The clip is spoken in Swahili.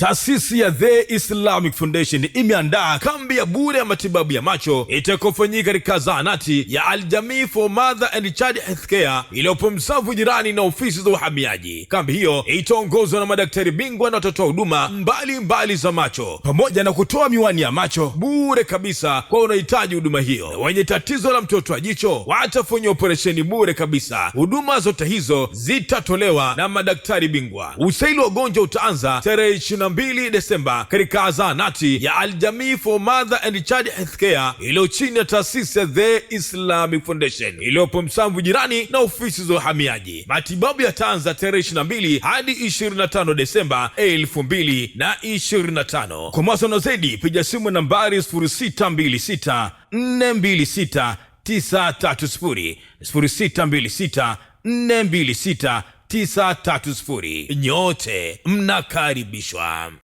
Taasisi ya The Islamic Foundation imeandaa kambi ya bure ya matibabu ya macho itakofanyika katika zahanati ya Al Jamii for Mother and Child Healthcare iliyopo Msafu, jirani na ofisi za uhamiaji. Kambi hiyo itaongozwa na madaktari bingwa na watatoa huduma mbalimbali za macho pamoja na kutoa miwani ya macho bure kabisa kwa unahitaji huduma hiyo, na wenye tatizo la mtoto wa jicho watafanyia operesheni bure kabisa. Huduma zote hizo zitatolewa na madaktari bingwa. Usaili wa ugonjwa utaanza tarehe 22 Desemba katika zahanati ya Aljamii for Mother and Child Healthcare iliyo chini ya taasisi ya The Islamic Foundation iliyopo Msamvu, jirani na ofisi za uhamiaji. Matibabu yataanza tarehe 22 hadi 25 Desemba 2025. Kwa mawasiliano zaidi piga simu nambari 0626 426 930 0626 sita. 930. Nyote mnakaribishwa.